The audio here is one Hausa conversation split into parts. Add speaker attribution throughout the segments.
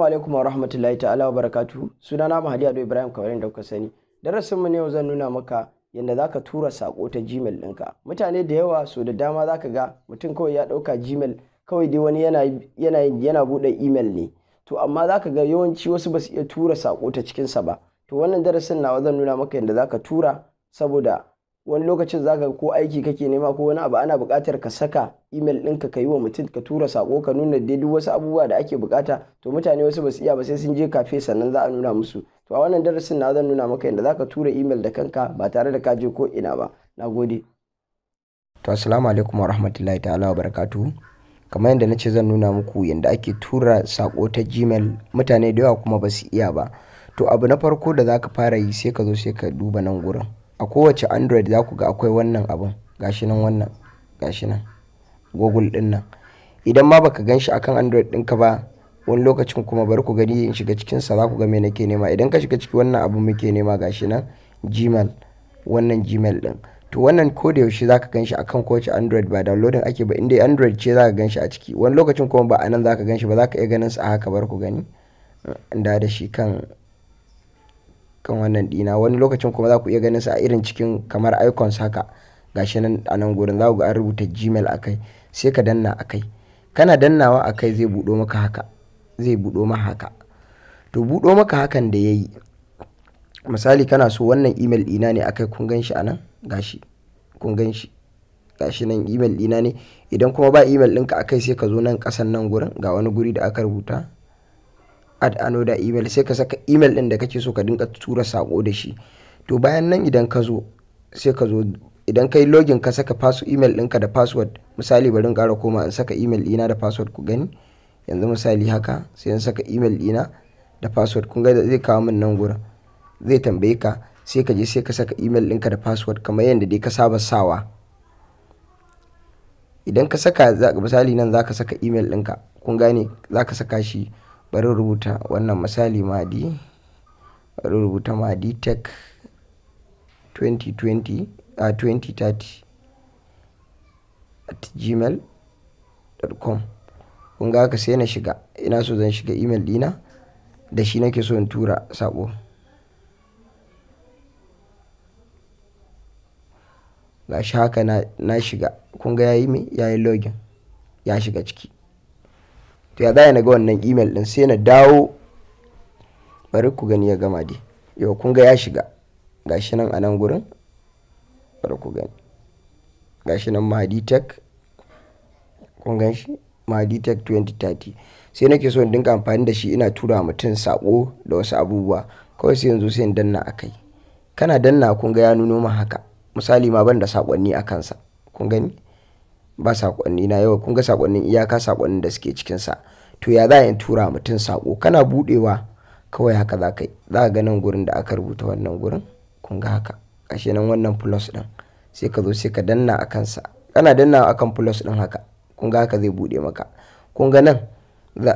Speaker 1: Assalamu alaikum wa rahmatullahi ta'ala wa barakatu sunana Mahadi Ado Ibrahim kawarin da kuka sani darasin mu ne yau zan nuna maka yanda zaka tura sako ta Gmail ɗinka mutane da yawa so da dama zaka ga mutum kawai ya ɗauka Gmail kawai dai wani yana yana yana buɗe email ne to amma zaka ga yawanci wasu basu iya tura sako ta cikin sa ba to wannan darasin nawa zan nuna maka yanda zaka tura saboda wani lokacin zaka ko aiki kake nema ko wani abu ana bukatar ka saka email ɗinka ka yi wa mutum ka tura sako ka nuna daidai wasu abubuwa da ake bukata to mutane wasu ba su iya ba sai sun je kafe sannan za a nuna musu to a wannan darasin na zan nuna maka yadda zaka tura email da kanka ba tare da ka je ko ina ba nagode to assalamu alaikum wa rahmatullahi ta'ala wa barakatuhu kamar yadda na ce zan nuna muku yadda ake tura sako ta gmail mutane da yawa kuma ba su iya ba to abu na farko da zaka fara yi sai ka zo sai ka duba nan gurin a kowace android za ku ga akwai wannan abun gashi nan wannan gashi nan google din nan idan ma baka gan shi akan android ɗinka ba wani lokacin kuma bari ku gani in shiga cikin sa za ku ga me nake nema idan ka shiga ciki wannan abin muke nema gashi nan gmail wannan gmail din to wannan ko da yaushe zaka ganshi akan kowace android ba downloading ake ba inda android ce zaka ganshi a ciki wani lokacin kuma ba anan zaka ganshi ba zaka iya ganin sa haka bar ku gani nda da shi kan kan wannan dina wani lokacin kuma za ku iya ganin sa a irin cikin kamar icons haka gashi nan a nan gurin za ku ga an rubuta gmail a kai sai ka danna a kai kana dannawa a kai zai buɗo maka haka zai buɗo maka haka to buɗo maka hakan da ya yi misali kana so wannan email ɗina ne akai kun gan shi a nan gashi kun gan gashi nan email ɗina ne idan kuma ba email ɗinka akai sai ka zo nan ƙasan nan gurin ga wani guri da aka rubuta add da email sai ka saka email ɗin da kake so ka dinka tura sako da shi to bayan nan idan ka zo sai ka zo idan kai login ka saka pasu email ɗinka da password misali bari in ƙara koma in saka email ɗina da password ku gani yanzu misali haka sai in saka email ɗina da password kun ga zai kawo min nan gura zai tambaye ka sai ka je sai ka saka email ɗinka da password kamar yadda dai ka saba sawa idan ka saka misali nan za ka saka email ɗinka kun gane za saka shi bari rubuta wannan misali Madi bari rubuta Madi Tech 2020 a 2030 at gmail.com kun ga sai na shiga ina so zan shiga email dina da shi nake so in tura sako shi haka na, shiga kun ga yayi me yayi login ya shiga ciki to ya zai na ga wannan email din sai na dawo bari ku gani ya gama dai yau kun ga ya shiga gashi nan a nan gurin bari ku gani gashi nan mahadi tech kun gan shi mahadi 2030 sai nake so in dinga amfani da shi ina tura mutum sako da wasu abubuwa kawai sai yanzu sai in danna akai kana danna kun ga ya nuno ma haka misali ma ban da sakonni a kansa kun gani ba sakonni na yau kun ga sakonnin iyaka sakonnin da suke cikin sa to ya za yin tura mutum sako kana budewa kawai haka za ka yi za ka ga nan gurin da aka rubuta wannan gurin kun ga haka ashe nan wannan plus din sai ka zo sai ka danna a kansa kana danna a kan plus din haka kun ga haka zai bude maka kun ga nan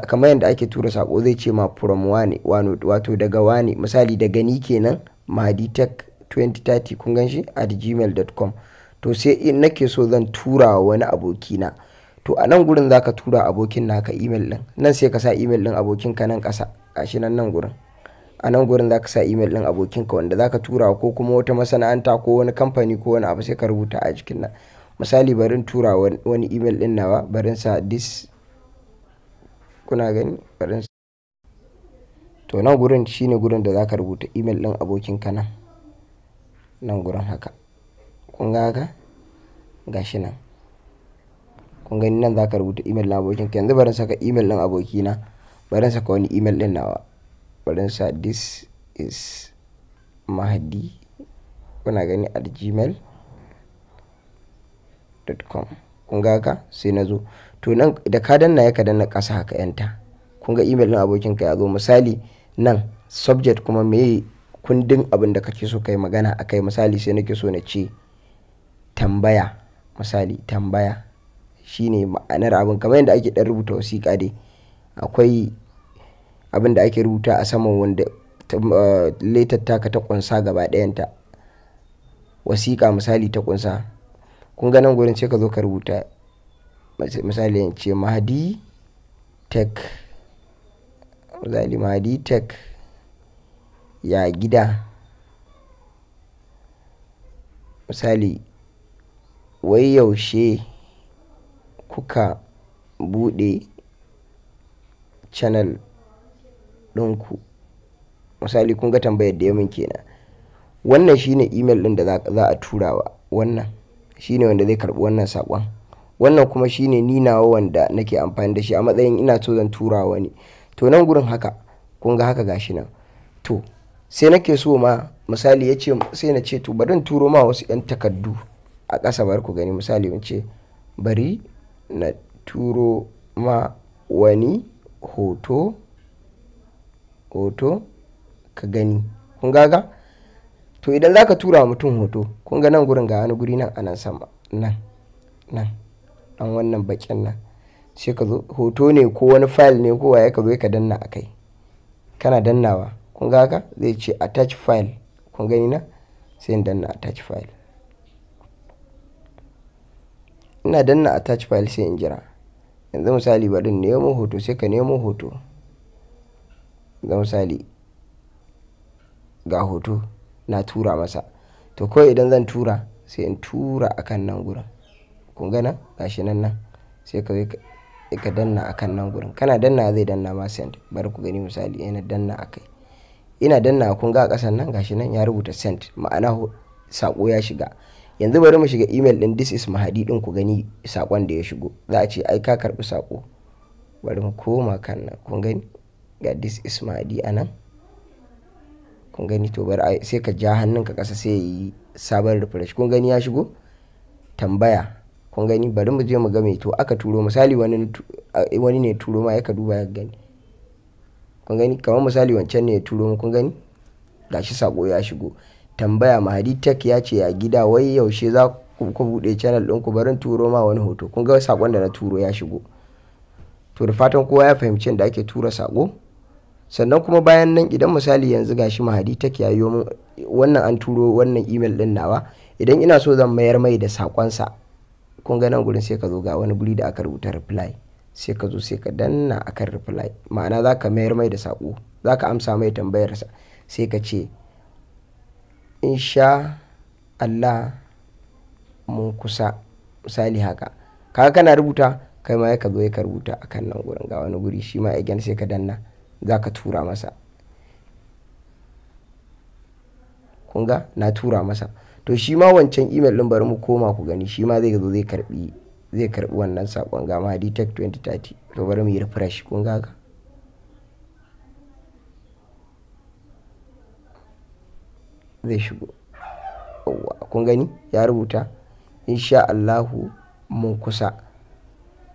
Speaker 1: kamar yadda ake tura sako zai ce ma from wane wato daga wane misali daga ni kenan maditech tech 2030 kun gan shi at gmail.com to sai in nake so zan tura wa wani abokina to a nan gurin zaka tura abokin naka email din nan sai ka sa email din abokin ka nan kasa gashi nan nan gurin a nan gurin zaka sa email din abokin ka wanda zaka tura ko kuma wata masana'anta ko wani kamfani ko wani abu sai ka rubuta a jikin nan misali barin tura wani email din nawa barin sa this kuna gani barin sa to nan gurin shine gurin da zaka rubuta email din abokin ka nan nan gurin haka kun ga haka shi nan kun gani nan za ka rubuta email na abokin ka yanzu barin saka email din abokina barin saka wani email din nawa barin sa this is mahdi kuna gani at com kun ga haka sai na zo to nan da ka danna ya ka danna ƙasa haka yanta kun ga email din abokin ka ya zo misali nan subject kuma me kundin abin da kake so kai magana akai misali sai nake so na ce tambaya misali tambaya shine ma'anar abin kamar yadda ake dan rubuta wasiƙa dai akwai abin da ake rubuta a saman wanda eh, letar taka ta kunsa gaba ɗayanta wasiƙa misali ta kunsa kun ga nan gurin ce ka zo ka rubuta misali in ce mahadi tech misali mahadi tech ya gida misali Wai yaushe kuka buɗe canal ɗinku? Misali kun ga tambayar da yamin kenan. Wannan shine email ɗin da za a tura wa wannan. Shine wanda zai karɓi wannan saƙon. Wannan kuma shine ni nawa wanda nake amfani da shi a matsayin ina so zan tura wa wani. To nan gurin haka kun ga haka gashi nan. To sai nake so ma misali ya ce sai na ce to bari in turo ma wasu 'yan takardu. a ƙasa bar ku gani misali in ce bari na turo ma wani hoto hoto ka gani kun gaga to idan za ka tura wa mutum hoto kun ga nan gurin ga wani guri nan a nan sama nan nan an wannan bakin nan sai ka zo hoto ne ko wani file ne ko waye ka zo ka danna a kai kana dannawa kun gaga zai ce attach file kun gani na sai in danna attach file ina danna attach file sai in jira yanzu misali bari nemo hoto sai ka nemo hoto ga misali ga hoto na tura masa to kawai idan zan tura sai in tura akan nan gurin kun gana gashi nan nan sai ka ka danna akan nan gurin kana danna zai danna ma send bari ku gani misali ina danna akai ina danna kun ga kasan nan gashi nan ya rubuta send ma'ana sako ya shiga yanzu bari mu shiga email din this is mahadi din ku gani sakon da ya shigo za a ce ai ka karbi sako bari mu koma kan nan kun gani ga this is mahadi anan kun gani to bari sai ka ja hannunka kasa sai yi sabon refresh kun gani ya shigo tambaya kun gani bari mu je mu ga mai to aka turo misali wani eh, wani ne turo ma ya ka duba ya gani kun gani kamar misali wancan ne ya turo mu kun gani gashi sako ya shigo Tambaya: Mahadi Tech ya ce a gida wai yaushe za ku buɗe channel ɗinku ku barin turo ma wani hoto. Kun ga saƙon da na turo ya shigo. To da fatan kowa ya fahimci da ake tura saƙo. Sannan kuma bayan nan idan misali yanzu gashi Mahadi Tech ya yi wannan an turo wannan email ɗin nawa idan ina so zan mayar mai da saƙonsa kun ga nan gurin sai ka zo ga wani guri da aka rubuta reply sai ka zo sai ka danna akan reply ma'ana za ka mayar mai da saƙo za ka amsa mai tambayarsa sai ka ce insha Allah mun kusa misali haka kaga kana rubuta kai ma ka zo ka rubuta a kan nan gurin ga wani guri shi ma again sai ka danna za ka tura masa kunga na tura masa to shi ma wancan email din bari mu koma ku gani shi ma zai zo zai karbi zai karbi wannan sakon ga ma detect 2030 to bari mu yi refresh kunga ga zai shigo kun gani ya rubuta insha Allahu mun kusa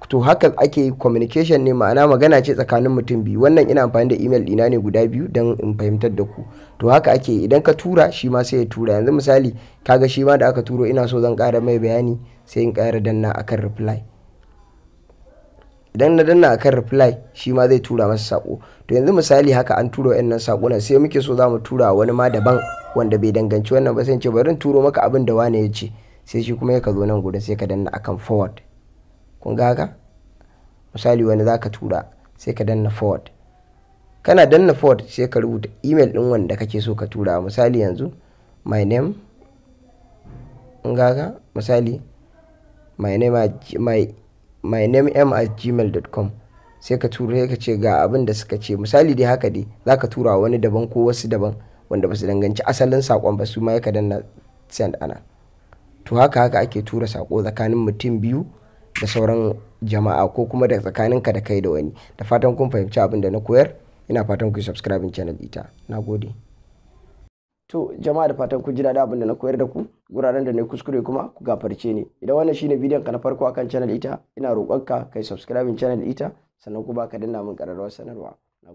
Speaker 1: to haka ake communication ne ma'ana magana ce tsakanin mutum biyu wannan ina amfani da email ɗina ne guda biyu don in fahimtar da ku to haka ake idan ka tura shi ma sai ya tura yanzu misali kaga shi ma da aka turo ina so zan ƙara mai bayani sai in ƙara danna akan reply idan na danna akan reply shi ma zai tura masa sako to yanzu misali haka an tura wa'annan sakonan sai muke so za mu tura wani ma daban wanda bai danganci wannan ba sai ce bari in turo maka abin da wane ya ce sai shi kuma ya zo nan gudun sai ka danna akan forward kun ga haka misali wani za ka tura sai ka danna forward kana danna forward sai ka rubuta email din wanda kake so ka tura misali yanzu my name kun ga haka misali my name my my name m at gmail.com sai ka tura sai ka ce ga abin da suka ce misali dai haka dai za ka tura wani daban ko wasu daban wanda ba su danganci asalin sakon ba su ma ya danna send ana to haka haka ake tura sako tsakanin mutum biyu da sauran jama'a ko kuma da tsakanin ka da kai da wani da fatan kun fahimci abin da na koyar ina fatan ku subscribe channel ita na to jama'a da fatan kun ji daɗin abin da na koyar da ku guraren da na kuskure kuma ku gafarce ni idan wannan shine bidiyon ka na farko akan channel ita ina roƙonka kai subscribe channel ita sannan kuma ka danna min ƙararrawar sanarwa na